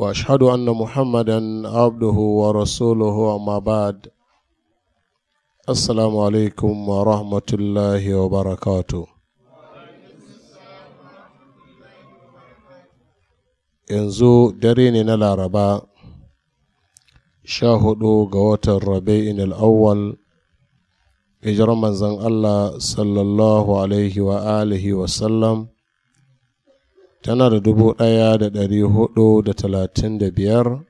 واشهد ان محمدا عبده ورسوله اما بعد السلام عليكم ورحمه الله وبركاته yanzu dare ne na laraba sha hudu ga watan rabi'in al'awwal hijirar manzon allah sallallahu alaihi wa alihi wasallam tana da dubu ɗaya da ɗari hudu da talatin da biyar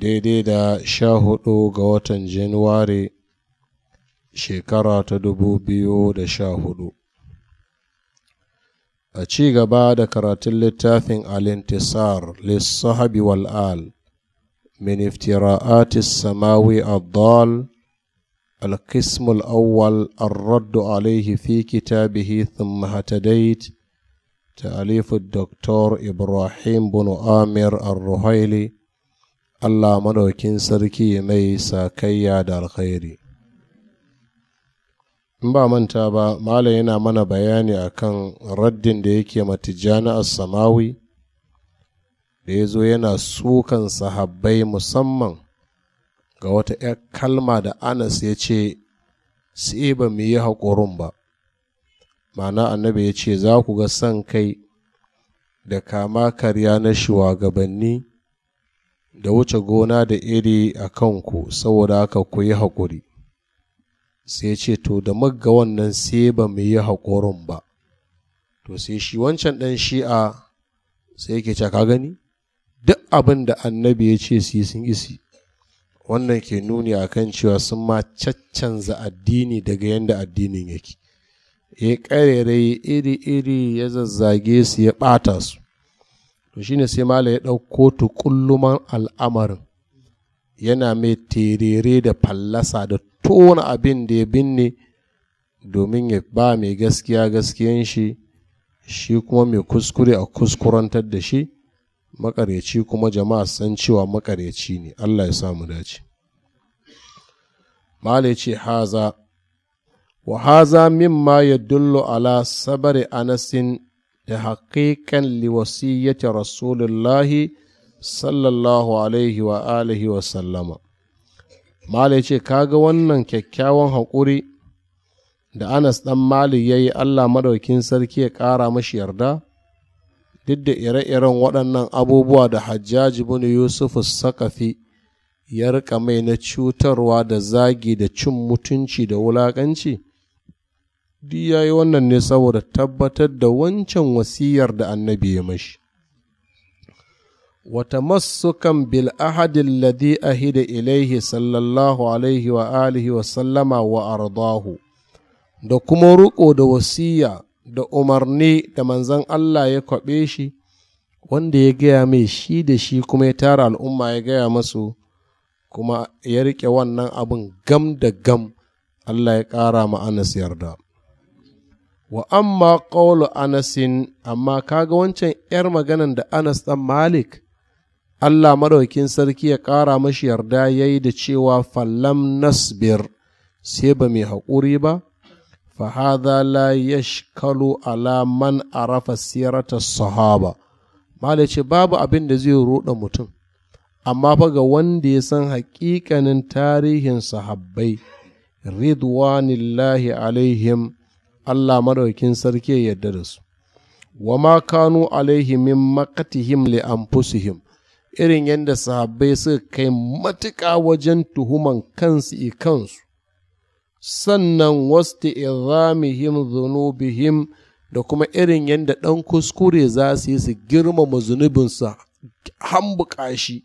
daidai da sha hudu ga watan januwari shekara ta dubu biyu da sha hudu a ci gaba da karatun littafin alintisar lissahabi wal'al min iftira'atis samawi addal an raddu الرد fi في كتابه hata هتديت تأليف الدكتور إبراهيم بن آمر الرهيلي Allah madaukin sarki mai sakayya da alkhairi in ba manta ba malam yana mana bayani akan raddin da yake matijjani a samawi da ya zo yana sukan sahabbai musamman ga wata 'yar kalma da anas ya ce sai ba mu yi haƙurin ba ma'ana annabi ya ce za ku ga son kai da kama karya na shugabanni da wuce gona da iri a kanku saboda haka ku yi haƙuri sai ce to da magga wannan sai ba mu yi haƙorin ba to sai shi wancan ɗan shi'a sai yake caka gani duk abin da annabi ya ce su yi sun isi wannan ke nuni akan cewa sun ma caccanza addini daga yadda addinin yake ya ƙarere iri-iri ya zazzage su ya ɓata su to shine sai mala ya ɗauko kulluman al'amarin yana mai terere da fallasa da tona abin da ya binne domin ya ba mai gaskiya gaskiyan shi shi kuma mai kuskure a kuskurantar da shi makaryaci kuma jama'a san cewa makaryaci ne allah ya samu dace mala ce haza wa haza ya dullo ala sabari anasin da haƙiƙan ta rasulullahi sallallahu alaihi wa alihi wa sallama malai ce kaga wannan kyakkyawan haƙuri da anas ɗan mali ya yi allah maɗaukin sarki ya ƙara mashi yarda duk da ire-iren waɗannan abubuwa da hajjaji bani yusuf sakafi ya rika mai na cutarwa da zagi da cin mutunci da wulaƙanci duk ya yi wannan ne saboda tabbatar da wancan wasiyar da annabi ya mashi. Wata masukan bil ahadin ladi ahida ilaihi sallallahu alaihi wa alihi wa sallama wa ardahu da kuma riƙo da wasiya da umarni da manzan Allah ya kwaɓe shi wanda ya gaya mai shi da shi kuma ya tara al'umma ya gaya masu kuma ya riƙe wannan abin gam da gam Allah ya ƙara ma'anas Anas yarda. wa amma ƙaulu anasin amma kaga wancan 'yar maganan da anas ɗan malik allah maɗaukin sarki ya ƙara mashi yarda ya yi da cewa fallam nasbir sai ba mai haƙuri ba fahada la yashkalu ala man arafa sirata sahaba malik ce babu abin da zai ruɗa mutum amma fa ga wanda ya san haƙiƙanin tarihin sahabbai ridwanillahi alaihim Allah maɗaukin sarki ya yarda da su wa ma kanu alaihi min maqatihim li anfusihim irin yadda sahabbai suka kai matuƙa wajen tuhuman kansu i kansu sannan wasti irramihim zunubihim da kuma irin yadda ɗan kuskure za su yi su girmama zunubinsa hambuka shi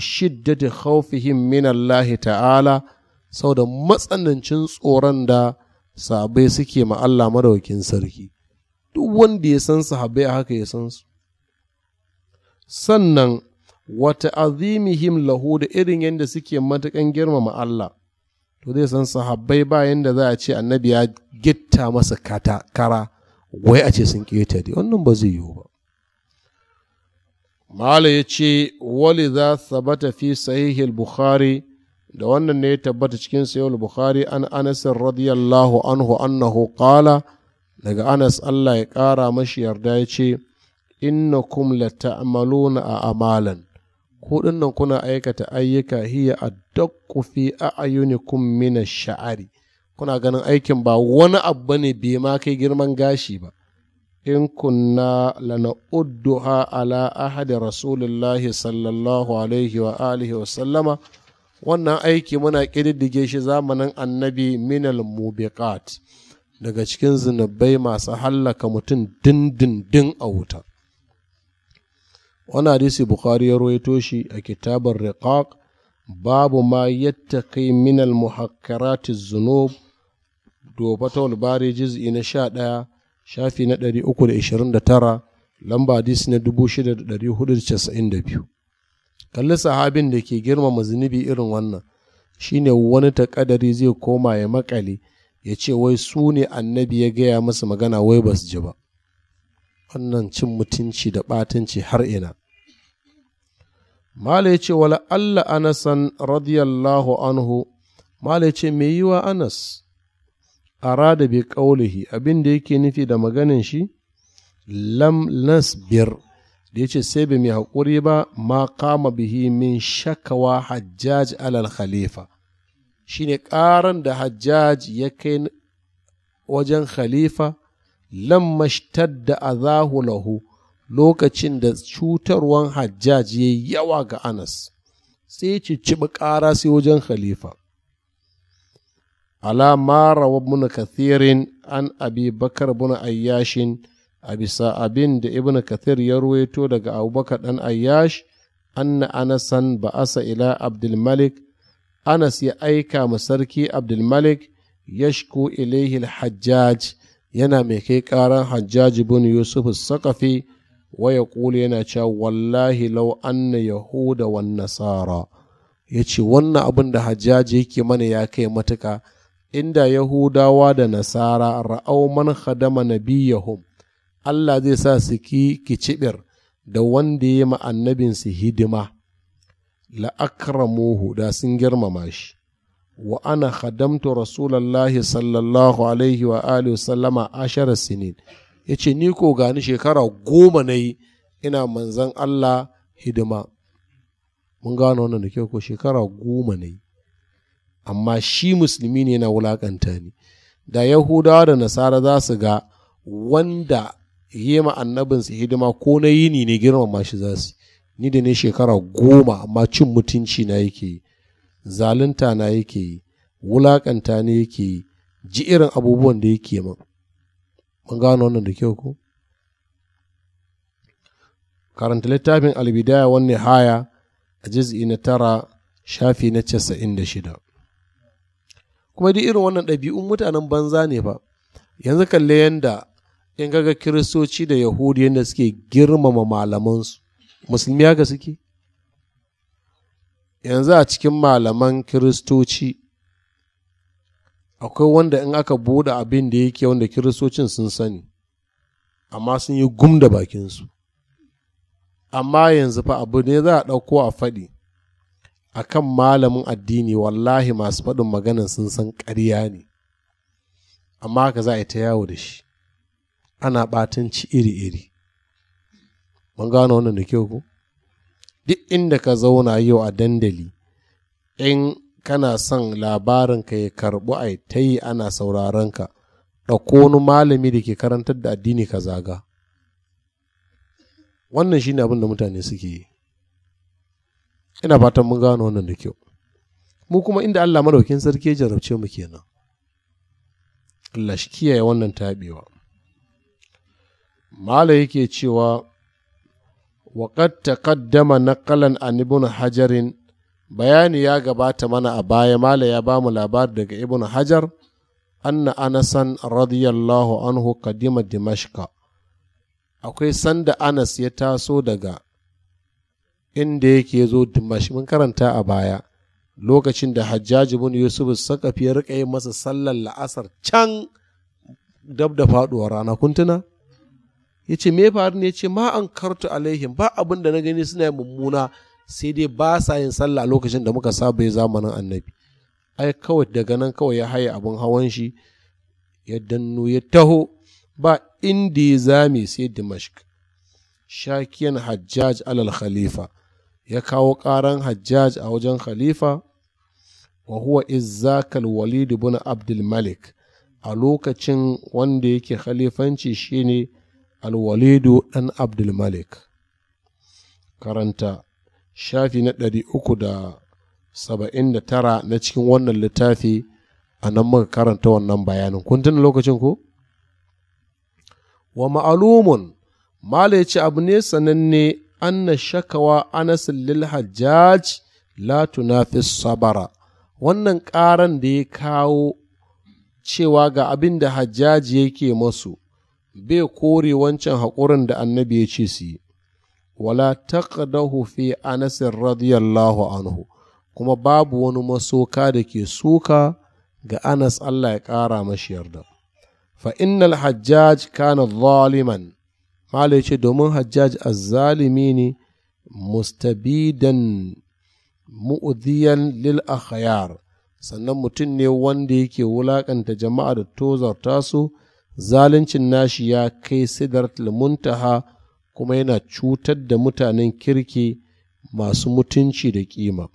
shiddati khawfihim min Allah ta'ala sau da matsanancin tsoron da sahabbai suke ma Allah madaukin sarki duk wanda ya san sahabai a haka ya san su sannan wata azimihim lahu da irin yadda suke matukan girmama Allah to zai san sahabai ba yadda za a ce annabi ya gitta masa kata kara wai a ce sun keta dai wannan ba zai yiwu ba mala ya ce wali za sabata fi sahihil bukhari da wannan ne ya tabbata cikin sayyid bukhari an anas radiyallahu anhu annahu qala daga anas Allah ya kara mashi yarda ya ce innakum lata'maluna a amalan ku dinnan kuna aikata ayyuka hiya addaqqu fi a'yunikum min ash-sha'ri kuna ganin aikin ba wani abu ne bai ma kai girman gashi ba in kunna lana'udduha ala ahadi rasulillahi sallallahu alaihi wa alihi wa sallama wannan aiki muna ƙididdige shi zamanin annabi minal mubiqat daga cikin zunubai masu hallaka mutum dindindin a wuta wani hadisi bukari ya rawaito shi a kitabar riqaq babu ma kai minal muhakkarati zunub dofa ta bari juz'i na sha ɗaya shafi na ɗari uku da da tara lamba hadisi na dubu shida da ɗari da casa'in da biyu kalli sahabin da ke girmama zunubi irin wannan shine wani takadari zai koma ya makale ya ce wai su ne annabi ya gaya masa magana wai ba su ji ba wannan cin mutunci da batunci har ina mala ya ce wala allah anasan radiyallahu anhu mala ya ce mai yiwa anas arada bi abin da yake nufi da maganin shi lam nasbir da ya ce sai bai mai haƙuri ba ma kama bihi min shakawa hajjaj alal khalifa shi ne ƙaran da hajjaj ya kai wajen khalifa lammashtar da azahu lahu lokacin da cutarwan hajjaj ya yawa ga anas sai ci cibi ƙara sai wajen khalifa alamara wa muna kathirin an abi bakar buna ayyashin a bisa abin da ibn kathir ya ruwaito daga abubakar ɗan ayyash anna anasan ba'asa ila abdulmalik anas ya aika ma sarki abdulmalik yashku ilaihi hajjaj yana mai kai ƙaran hajjaj bin yusuf sakafi waya ƙuli yana cewa wallahi lau anna yahuda wan nasara ya ce wannan abin da hajjaji yake mana ya kai matuka inda yahudawa da nasara ra'au man khadama nabiyahum Allah zai sa su ki kicibir da wanda ya ma annabinsu hidima la'akramuhu da sun girmama shi wa ana khadamtu Rasulallah sallallahu alaihi wa alihi sallama ashara sinin ya ce ni ko gani shekara goma na yi ina manzan Allah hidima mun gano wannan da kyau ko shekara goma na yi amma shi musulmi ne na wulakanta ni da yahudawa da nasara za su ga wanda yi ma annabinsu hidima ko na yini ne girmama shi za su ni da ne shekara goma amma cin mutunci na yake yi zalunta na yake yi wulakanta ne yake yi ji irin abubuwan da yake ma. mun gano wannan da kyau ko karanta littafin albidaya wani haya a jiz'i na tara shafi na casa'in da shida kuma duk irin wannan ɗabi'un mutanen banza ne ba, yanzu kalle yanda in kaga kiristoci da Yahudiyan yadda suke girmama malamansu musulmi haka suke yanzu a cikin malaman kiristoci akwai wanda in aka buɗe abin da yake wanda kiristocin sun sani amma sun yi gum da bakinsu amma yanzu fa abu ne za a ɗauko a faɗi a kan malamin addini wallahi masu faɗin maganan sun san ƙarya ne amma haka za a yi ta yawo da shi ana ɓatanci iri-iri mun gano wannan da kyau ku duk inda ka zauna yau a dandali in kana son labarin ka ya karɓu a ta yi ana sauraron ka ɗauko wani malami da ke karantar da addini ka zaga wannan shi ne abin da mutane suke yi ina fatan mun gano wannan da kyau mu kuma inda allah madaukin sarki ya jarabce mu kenan allah shi kiyaye wannan taɓewa mala yake cewa waƙad taqaddama naqalan an ibn hajarin bayani ya gabata mana a baya mala ya bamu labari daga ibn hajar anna anasan radiyallahu anhu kadima dimashka akwai sanda anas ya taso daga inda yake zo dimash mun karanta a baya lokacin da hajjaji bin yusuf sakafi ya rika yi masa sallar la'asar can dab da faduwar rana kuntuna ya ce me faru ne ya ce ma an kartu alaihim ba abin da na gani suna yin mummuna sai dai ba sa yin sallah lokacin da muka saba zamanin annabi ai kawai daga nan kawai ya haye abin hawan shi ya danno ya taho ba inda ya zame sai dimashq shakiyan hajjaj alal khalifa ya kawo ƙaran hajjaj a wajen khalifa wa huwa izzakal walid ibn abdul malik a lokacin wanda yake khalifanci shine alwalidu ɗan abdulmalik karanta shafi na ɗari uku da saba'in da tara na cikin wannan littafi a nan muka karanta wannan bayanin kun tuna lokacin ku. wa ma'alumun mala ce abu ne sananne anna shakawa anasin lil hajjaj la tunafi sabara wannan ƙaran da ya kawo cewa ga abin da hajjaji yake masu bai kore wancan haƙurin da annabi ya ce su yi wala taqdahu fi anasin radiyallahu anhu kuma babu wani masoka da ke suka ga anas Allah ya ƙara mashi yarda fa innal hajjaj kana zaliman mala ce domin hajjaj azzalimi ne mustabidan mu'diyan lil akhyar sannan mutum ne wanda yake wulaƙanta jama'a da tozarta su zaluncin nashi ya kai sidratul muntaha kuma yana cutar da mutanen kirki masu mutunci da kima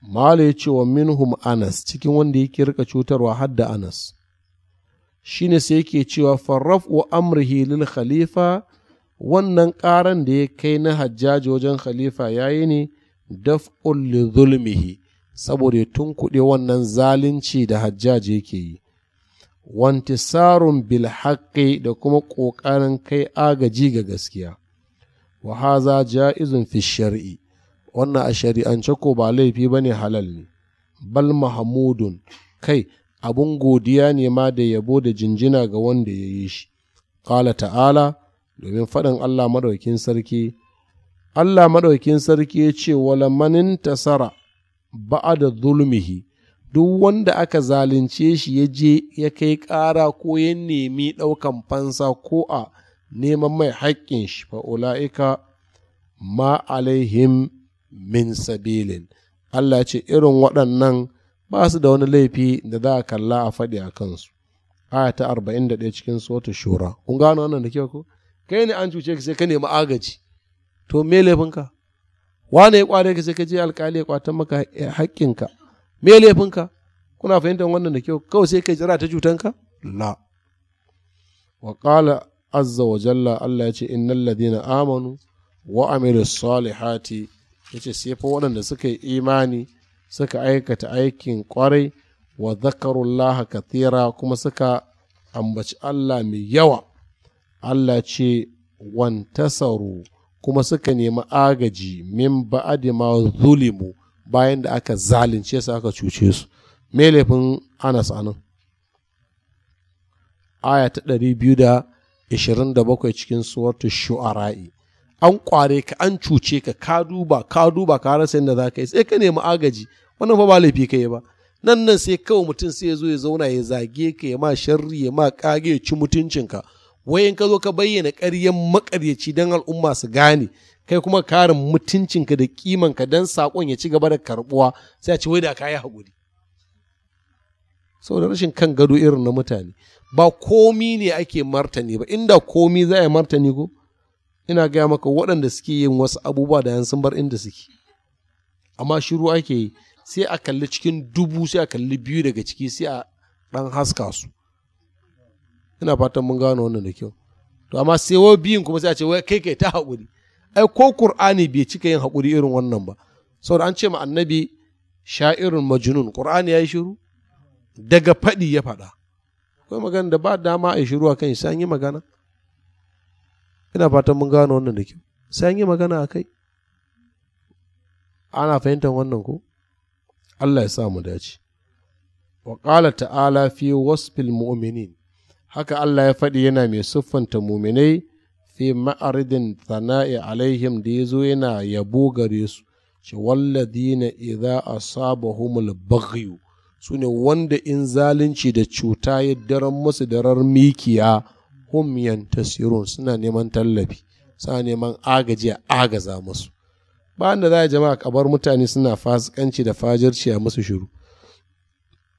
mala ya ce wa minhum anas cikin wanda ya kirka cutarwa hadda Anas. Shi ne sai yake cewa farraf wa amrihi lil khalifa wannan ƙaran da ya kai na hajjaji wajen khalifa ya yi ne daf'ul li zulmihi saboda ya tunkuɗe wannan zalunci da hajjaji yake yi wantisarun bil haqqi da kuma ƙoƙarin kai agaji ga gaskiya wa haza ja'izun fi shar'i wannan a shari'ance ko ba laifi bane halal ne bal mahamudun kai abun godiya ne ma da yabo da jinjina ga wanda ya yi shi ƙala ta'ala domin faɗin Allah maɗaukin sarki Allah maɗaukin sarki ya ce wala manin tasara ba'a da zulmihi duk wanda aka zalunce shi ya je ya kai ƙara ko ya nemi ɗaukan fansa ko a neman mai haƙƙin shi fa'ula'ika ma alaihim min sabilin Allah ce irin waɗannan ba su da wani laifi da za a kalla a faɗi a kansu arba'in ta ɗaya cikin sota shura kun gano wannan da kyau ko kai ne an cuce ka sai ka nemi agaji to me laifinka wane ya kware ka sai ka je alkali ya kwatan maka haƙƙinka me laifinka kuna fahimtar wannan da kyau kawai sai kai jira ta cutanka la wa qala azza wa jalla Allah ya ce innal ladina amanu wa amilus salihati yace sai fa waɗanda suka yi imani suka aikata aikin kwarai wa zakarullaha kathira kuma suka ambaci Allah mai yawa Allah ce wantasaru kuma suka nemi agaji min ba'adi ma zulimu bayan da aka zalunce su aka cuce su me laifin anas anan aya ta 227 cikin suwatu shu'ara'i an kware ka an cuce ka ka duba ka duba ka rasa yadda za ka yi sai ka nemi agaji wannan fa ba laifi ka yi ba nan nan sai kawai mutum sai ya zo ya zauna ya zage ka ya ma sharri ya ma kage ya ci mutuncinka wai ka zo ka bayyana ƙaryen maƙaryaci don al'umma su gane kai kuma karin mutuncinka da kimanka don saƙon ya ci gaba da karɓuwa sai a ci wai da ka yi haƙuri saboda rashin kan gado irin na mutane ba komi ne ake martani ba inda komi za a yi martani ko ina gaya maka waɗanda suke yin wasu abubuwa da yan sun bar inda suke amma shiru ake yi sai a kalli cikin dubu sai a kalli biyu daga ciki sai a ɗan haska su ina fatan mun gano wannan da kyau to amma sai wai biyun kuma sai a ce wai kai kai ta haƙuri ai ko qur'ani bai cika yin haƙuri irin wannan ba saboda an ce ma annabi sha'irun majnun qur'ani ya yi shiru daga faɗi ya faɗa akwai magana da ba dama a yi shiru a kai sai an yi magana ina fatan mun gano wannan da kyau sai an yi magana a kai ana fahimtar wannan ko Allah ya sa mu dace wa qala ta'ala fi wasfil mu'minin haka Allah ya faɗi yana mai siffanta muminai fi ma'aridin thana'i alaihim da ya zo yana yabo gare su ce walladina idza asabahumul baghyu su ne wanda in zalunci da cuta ya daren musu darar mikiya hum yantasirun suna neman tallafi suna neman agaji a agaza musu ba da za a jama'a kabar mutane suna fasikanci da fajirci a musu shiru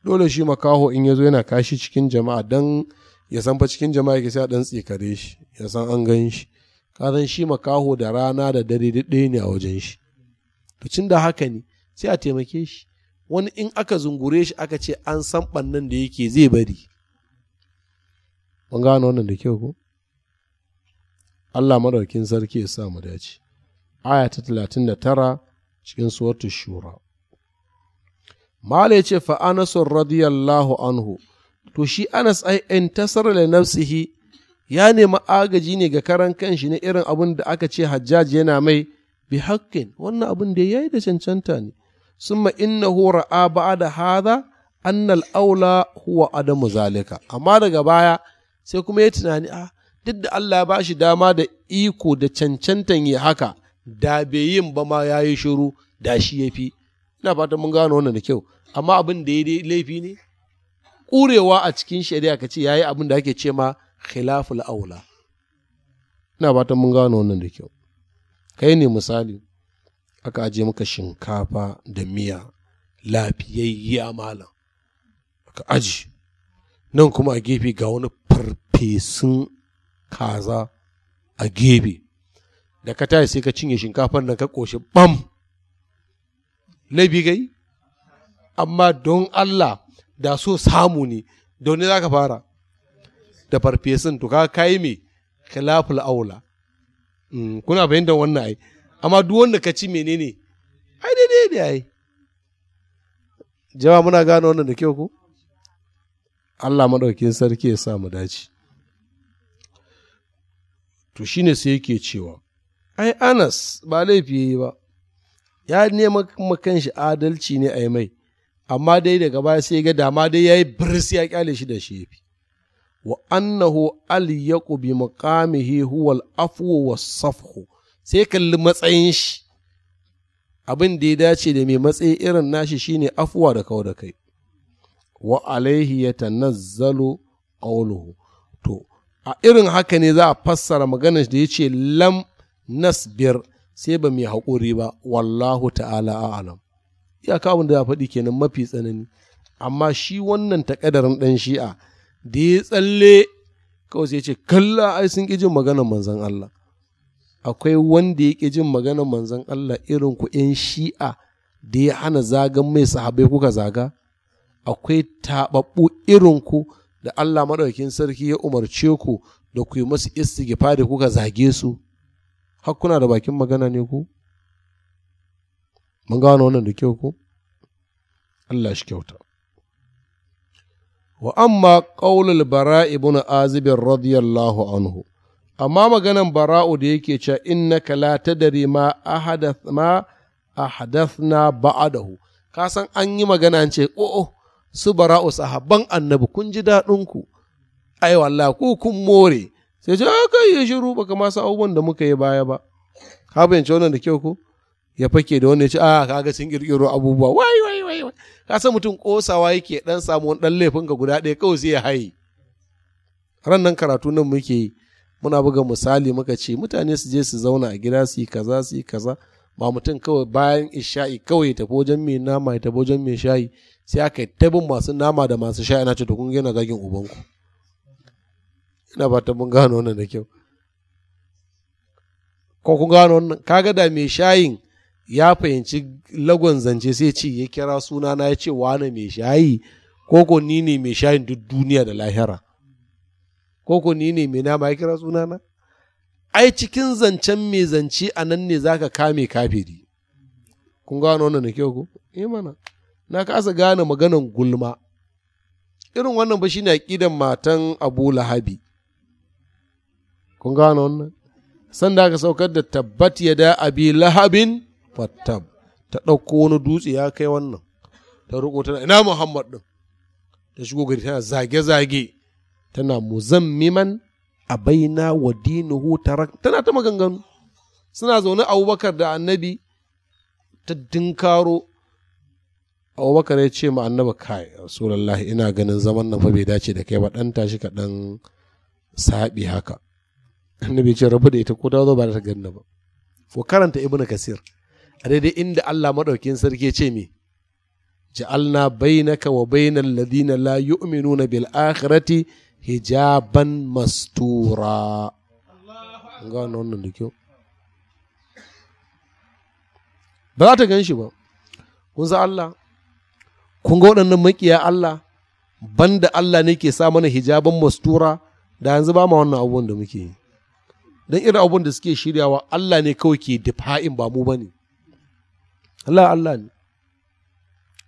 dole shi makaho in ya zo yana kashi cikin jama'a don ya san fa cikin jama'a ke sai a dan tsikare shi ya san an gan shi ka san shi makaho da rana da dare ɗaya ne a wajen shi to cin da haka ne sai a taimake shi wani in aka zungure shi aka ce an san bannan da yake zai bari mun gano wannan da kyau ko Allah madaukin sarki ya sa mu dace aya ta 39 cikin suwatu shura mala ya ce fa radiyallahu anhu to shi anas ai in tasar la nafsihi ya nemi agaji ne ga karan kanshi na irin abin da aka ce hajjaj yana mai bi haƙƙin wannan abin da yayi da cancanta ne summa innahu ra'a ba'da hadha annal aula huwa adamu zalika amma daga baya sai kuma ya tunani a ah, duk da Allah ya bashi dama da iko da cancantan ya haka da bai yin ba ma yayi shiru da shi yafi ina fatan mun gano wannan da kyau amma abin da ya laifi ne ƙurewa a cikin shari'a ka ce ya yi abin da ake ce ma khilaful aula ina fatan mun gano wannan da kyau kai ne misali aka aje maka shinkafa da miya lafiyayya malam Ka aji nan kuma a gefe ga wani farfesun kaza a gefe da ka tashi sai ka cinye shinkafar nan ka ƙoshi bam laifi gai amma don Allah da so samu ne da wani za ka fara da farfesun to kaga kayi me khilaful aula mm, kuna fahimtar wannan ai amma duk wanda ka ci menene ai dai dai ai jama muna gane wannan da kyau ko Allah madaukakin sarki ya sa mu dace to shine sai yake cewa ai Anas ba laifi ba ya nema makan shi adalci ne ai mai amma dai daga baya sai ga dama dai yayi birs ya kyale shi da shefi wa annahu alyaqu bi maqamihi huwa al-afwu was-safhu sai kalli matsayin shi abin da ya dace da mai matsayi irin nashi shine afuwa da kawo da kai wa alaihi yatanazzalu qawluhu to a irin haka ne za a fassara maganar da yace lam nasbir sai ba mai haƙuri ba wallahu ta'ala a'lam iyaka abin da ya faɗi kenan mafi tsanani amma shi wannan takadarin ɗan shi'a da ya tsalle kawai sai ce kalla ai sun ƙi jin maganar manzan Allah akwai wanda ya ƙi jin maganar manzon Allah irin ku ƴan shi'a da ya hana zagan mai sahabai kuka zaga akwai taɓaɓɓu irin ku da Allah maɗaukin sarki ya umarce ku da ku yi masu da kuka zage su har kuna da bakin magana ne ku mun gano wannan da kyau ko Allah shi kyauta wa amma qaulul bara ibn azib radiyallahu anhu amma maganan bara'u da yake cewa innaka la tadri ma ahadath ma ahadathna ba'dahu ka san an yi magana an ce o'o oh, oh, su bara'u sahabban annabi kun ji daɗin ku ai wallahi ku kun more sai ce ah, kai ya shiru baka ma sa abubuwan da muka yi baya ba ka bayyance wannan da kyau ko ya fake da wanda ya ce a ah, kaga sun kirkiro abubuwa wai wai wai wai ka san mutum kosawa yake dan samu wani dan laifin ka guda ɗaya kawai sai ya haye ran nan karatu nan muke yi muna buga misali muka ce mutane su je su zauna a gida su yi kaza su yi kaza ba mutum kawai bayan isha'i kawai ya tafi wajen mai nama ya tafi wajen mai shayi sai aka yi tabin masu nama da masu shayi na ce to kun gina zagin ubanku ina ba ta mun gano wannan da kyau ko kun gano wannan kaga da mai shayin ya fahimci lagon zance sai ce ya kira suna na ya ce wane mai shayi koko ni ne mai shayin duk duniya da lahira koko ni ne mai nama ya kira suna na ai cikin zancen mai zance a nan ne zaka kame kafiri kun gano wannan da kyau ko eh mana na kasa gane maganan gulma irin wannan ba shine aqidan matan Abu Lahabi kun gano wannan sanda aka saukar da tabbat yada abi lahabin Fattam ta ɗauko wani dutse ya kai wannan ta roƙo tana ina muhammad din ta shigo gari tana zage-zage tana muzammiman a baina wa dinuhu tarak tana ta maganganu suna zaune abubakar da annabi ta dinkaro abubakar ya ce ma annaba kai rasulallah ina ganin zaman nan fa bai dace da kai ba ɗan tashi ka ɗan saɓi haka annabi ce rabu da ita ko ta zo ba ta ganna ba ko karanta ibnu kasir a daidai inda Allah maɗaukin sarki ce mi ja'alna bainaka wa bainal ladina la yu'minuna bil akhirati hijaban mastura ga wannan da kyau ba za ta gan ba kun san Allah kun ga waɗannan makiya Allah banda Allah ne ke sa mana hijaban mastura da yanzu ba ma wannan abubuwan da muke yi don irin abubuwan da suke shiryawa Allah ne kawai ke difa'in ba mu ba Allah Allah ne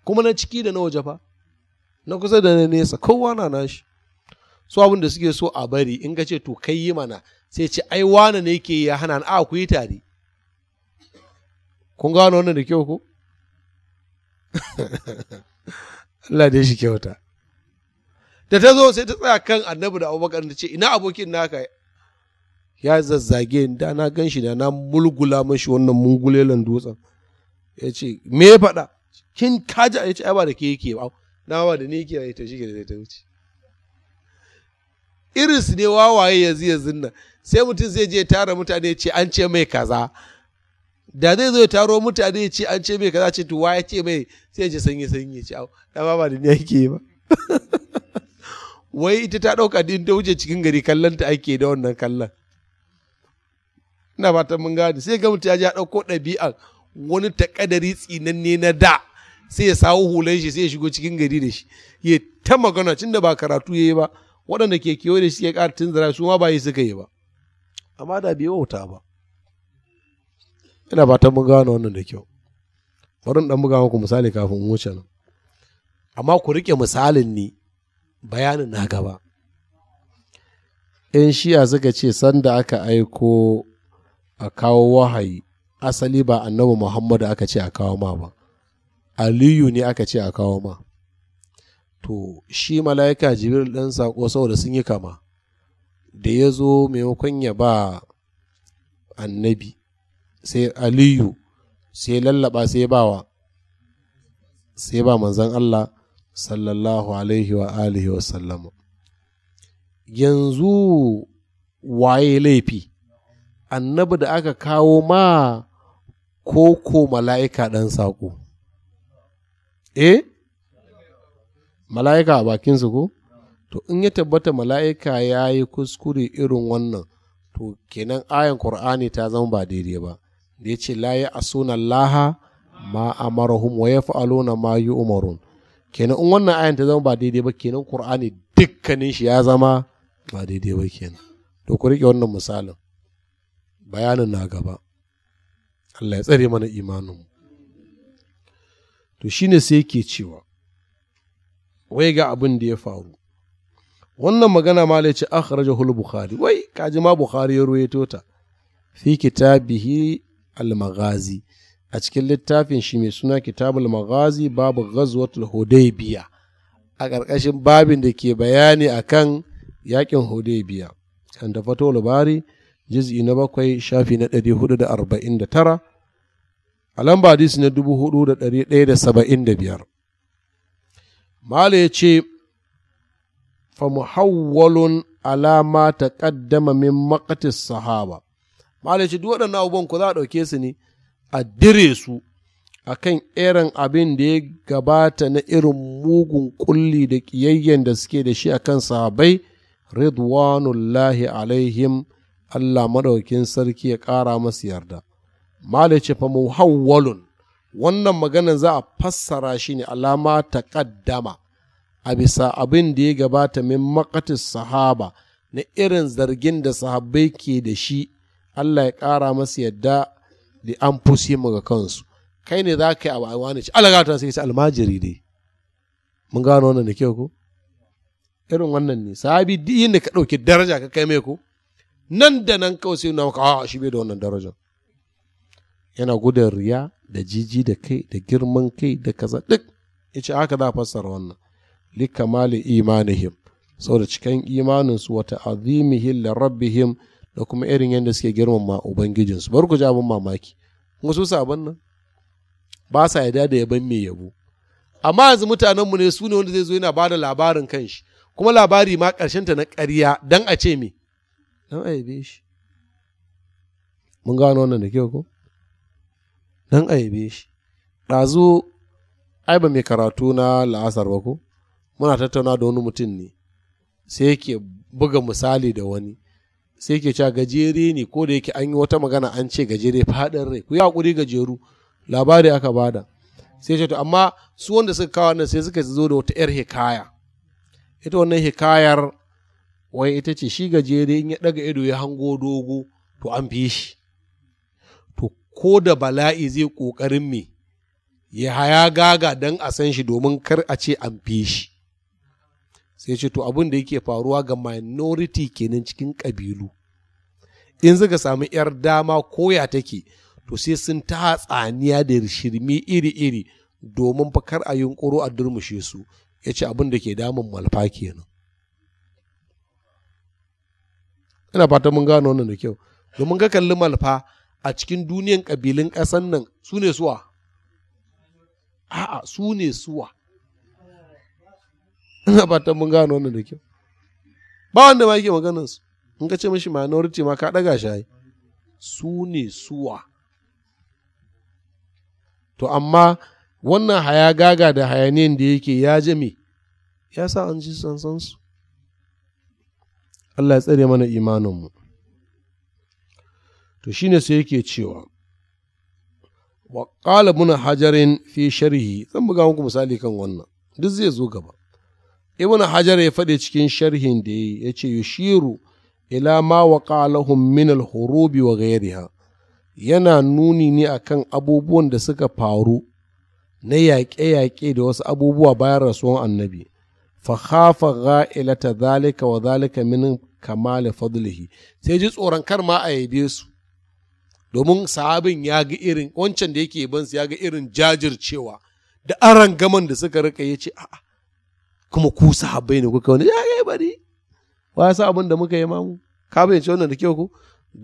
kuma na ciki da na waje fa na kusa da na nesa kowa na nashi su abin da suke so a bari in ka ce to kai yi mana sai ce ai wane ne ke ya hana a ku yi tare kun gano wannan da kyau ko Allah da shi kyauta da ta zo sai ta tsaya kan annabi da abubakar da ce ina abokin naka ya zazzage da na gan shi da na mulgula mashi wannan mungulelan dutsen ya ce me ya faɗa kin kaja ya ce ai ba da ke yake ba na ba da ni yake ya to shi da ta wuce su ne wawaye yanzu yanzu nan sai mutum zai je tara mutane ce an ce mai kaza da zai zo ya taro mutane ce an ce mai kaza ce to wa ya ce mai sai ya sanye sanyi sanyi ce au na ba ba da ni yake ba wai ita ta ɗauka din ta wuce cikin gari kallon ta ake da wannan kallon ina fatan mun gane sai ga mutum ya ji ya ɗauko ɗabi'an wani takadari tsinanne na da sai ya sawo hulan shi sai ya shigo cikin gari da shi ya ta magana cin da ba karatu ya yi ba waɗanda ke kewaye da shi ya ƙara zara su ma ba yi suka yi ba amma da biyu wuta ba ina fatan mun wani wannan da kyau bari in dan buga muku misali kafin wuce nan amma ku rike misalin ni bayanin na gaba in shiya suka ce sanda aka aiko a kawo wahayi asali ba annabi muhammadu aka ce a kawo ma ba aliyu ne aka ce a kawo ma to shi mala'ika jibril ɗan saƙo saboda sun yi kama da ya zo maimakon ya ba annabi sai aliyu sai lallaba sai bawa sai ba manzan allah sallallahu alaihi wa alihi wa sallama yanzu waye laifi annabi da aka kawo ma ko ko mala'ika ɗan saƙo eh mala'ika a bakinsu ko to in ya tabbata mala'ika ya yi kuskure irin wannan to kenan ayan ƙur'ani ta zama ba daidai ba da ya ce laye a sunan laha ma a marahun wa ya na ma yi umarun kenan in wannan ayan ta zama ba daidai ba kenan ƙur'ani dukkanin shi ya zama ba daidai ba kenan to ku riƙe wannan misalin bayanin na gaba Allah ya tsare mana imaninmu to shine sai yake cewa wai ga abin da ya faru wannan magana ma ce akhrajahu bukhari wai kaji ma bukhari ya ruwaito ta fi kitabihi al-maghazi a cikin littafin shi mai suna al maghazi babu ghazwatul hudaybiya a ƙarƙashin babin da ke bayani akan yakin hudaybiya kan da fato bari. juz'i na bakwai shafi na ɗari hudu da arba'in da tara a lamba hadisi na dubu hudu da ɗari ɗaya da saba'in da biyar mala ya ce fa muhawwalun alama ta ƙaddama min maƙatis sahaba mala ya ce duk waɗannan abubuwan ku za a ɗauke su ne a dire su a kan irin abin da ya gabata na irin mugun kulli da ƙiyayyen da suke da shi a kan sahabai ridwanullahi alaihim Allah maɗaukin sarki ya ƙara masu yarda malai ce fa muhawwalun wannan magana za a fassara shi ne alama ta ƙaddama a bisa abin da ya gabata min makatis sahaba na irin zargin da sahabbai ke da shi Allah ya ƙara masu yadda da an fusi ga kansu kai ne za ka yi abu a wani ci alagata sai ce almajiri dai mun gano wannan da kyau ko irin wannan ne sahabi duk da ka ɗauki daraja ka kai mai ko nan da nan kawai sai na maka a shi bai da wannan darajar yana gudun riya da jiji da kai da girman kai da kaza duk ce haka za a fassara wannan li kamali imanihim saboda cikin imaninsu su wata azimihin li rabbihim da kuma irin yadda suke girmama ubangijin su bar ku abin mamaki wasu sabon nan ba sa yada da yaban mai yabo amma yanzu mutanen mu ne su ne wanda zai zo yana bada labarin kanshi kuma labari ma ta na ƙarya dan a ce me an aibe shi mun gano wannan da kyau ko dan aibe shi ɗazu ai ba mai karatu na la'asar ba ko muna tattauna da wani mutum ne sai yake buga misali da wani sai yake cewa gajere ne ko da yake an yi wata magana an ce gajere faɗin rai ku yi hakuri gajeru labari aka bada sai ce to amma su wanda suka kawo nan sai suka zo da wata 'yar hikaya ita wannan hikayar wai ita ce shi gajere in ya ɗaga ido ya hango dogo to an fi shi to ko da bala'i zai ƙoƙarin me ya haya gaga don a san shi domin kar a ce an fi shi sai ce to abin da yake faruwa ga minority kenan cikin ƙabilu in suka sami 'yar dama koya take to sai sun ta tsaniya da shirme iri-iri domin fakar a yunkuro a durmushe su ya ce abin da ke damun malfa kenan ina fata mun gano wannan da kyau domin ka kalli malfa a cikin duniyan kabilun ƙasan nan su ne suwa a'a su ne suwa ina fata mun gano wannan da kyau ba wanda ma yake maganar su in ka ce mishi minority ma ka daga shi su ne suwa to amma wannan haya gaga da hayaniyan da yake ya jami ya sa an ji sansansu Allah ya tsare mana imaninmu to shine sai yake cewa wa qala ibn hajarin fi sharhi zan buga muku misali kan wannan duk zai zo gaba ibn hajar ya faɗi cikin sharhin da ya ce yushiru ila ma wa lahum min al wa ghayriha yana nuni ne akan abubuwan da suka faru na yaƙe-yaƙe da wasu abubuwa bayan rasuwan annabi fa khafa ra'ilata zalika wa zalika min fadlihi sai ji tsoron kar ma a yabe su domin sahabin ya ga irin wancan da yake bansu ya ga irin jajircewa da aran gaman da suka rika ya ce a'a kuma ku sahabbai ne kuka wani ya yi bari ba sa abin da muka yi mamu ka bayyance wannan da kyau ku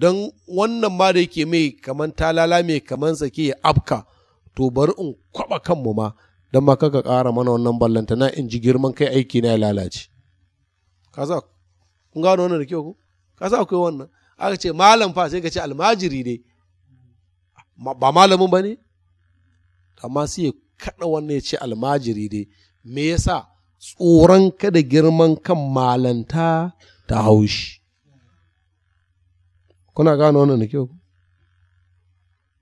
don wannan ma da yake mai kaman talala mai kaman sake ya afka to bari in kwaba kanmu ma don ma kaka ƙara mana wannan ballanta na in ji girman kai aiki na ya lalace ka sa kun gano wannan da kyau ku ka za akwai wannan aka ce malam fa sai ka ce almajiri ne ba malamin ba ne amma sai ya kaɗa wannan ya ce almajiri ne me yasa tsoron da girman kan malanta ta haushi kuna gano wannan da kyau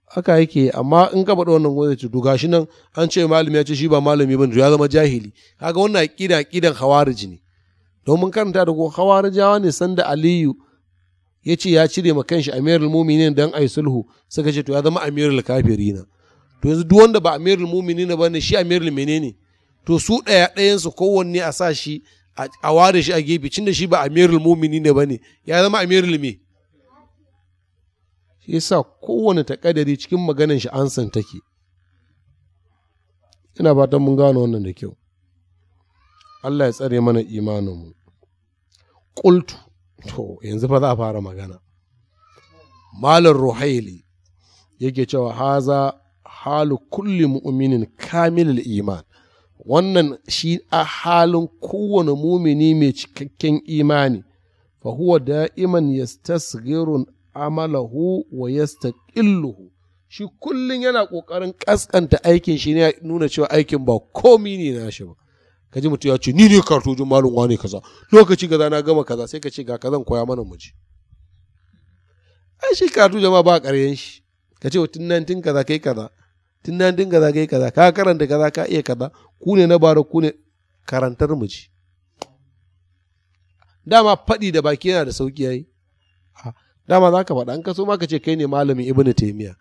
haka yake amma in ka faɗi wannan gwamnati to gashi nan an ce malami ya ce shi ba malami ba ya zama jahili kaga wannan aqida aqidan khawarij ne don mun karanta da ko khawarijawa ne sanda aliyu ya ce ya cire ma kanshi amirul mu'minin dan ayi sulhu suka ce to ya zama amirul kafirina to yanzu duk wanda ba amirul mu'minin bane shi amirul menene to su ɗaya dayan su kowanne a sa shi a ware shi a gefe cin da shi ba amirul mu'minin bane ya zama amirul me shi yasa kowane taƙadari cikin maganin shi an take ina fatan mun gano wannan da kyau Allah ya tsare mana imaninmu ƙultu to yanzu fa za a fara magana malar ruhaili yake cewa haza halu kulli mu'minin kamilul iman wannan shi a halin kowane mumini mai cikakken imani fa huwa da'iman yastasghirun amalahu wa illuhu shi kullum yana ƙoƙarin ƙasƙanta aikin shi ne nuna cewa aikin ba komi ne na shi ba ka ji mutum ya ce ni ne kartojin malin wane kaza lokaci gaza na gama kaza sai ka ce ga kazan koya mana mu ai shi kartu jama'a ba ƙaryen shi ka ce oh, tun nan tun kaza kai kaza tun nan tun kaza kai kaza ka karanta kaza ka iya kaza ku ne na bara ku ne karantar mu dama faɗi da baki yana da sauƙi yayi ah, dama za ka faɗa an ka so ma ka ce kai ne malamin ibnu taimiya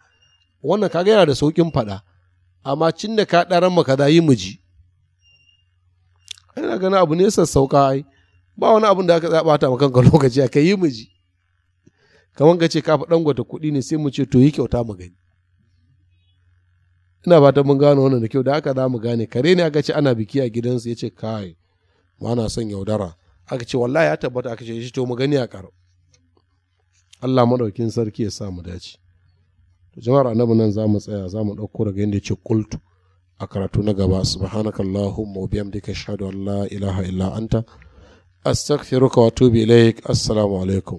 wannan kaga yana da sauƙin faɗa amma cin da ka ɗaran maka da yi miji ina ganin abu ne sassauka ai ba wani abin da aka zaɓa ta maka lokaci a ka yi miji kamar ka ce ka ɗan gwata kuɗi ne sai mu ce to yi kyauta mu gani ina fatan mun gano wannan da kyau da aka za mu gane kare ne aka ce ana biki a gidansu ya ce kai ma na son yaudara aka ce wallahi ya tabbata aka ce shi to mu gani a karo Allah maɗaukin sarki ya sa mu dace to jama'ar annabi nan za mu tsaya za mu ɗauko daga yadda ce kultu a karatu na gaba subhanaka allahumma wa bihamdika ashhadu an la ilaha illa anta astaghfiruka wa atubu ilaik assalamu alaikum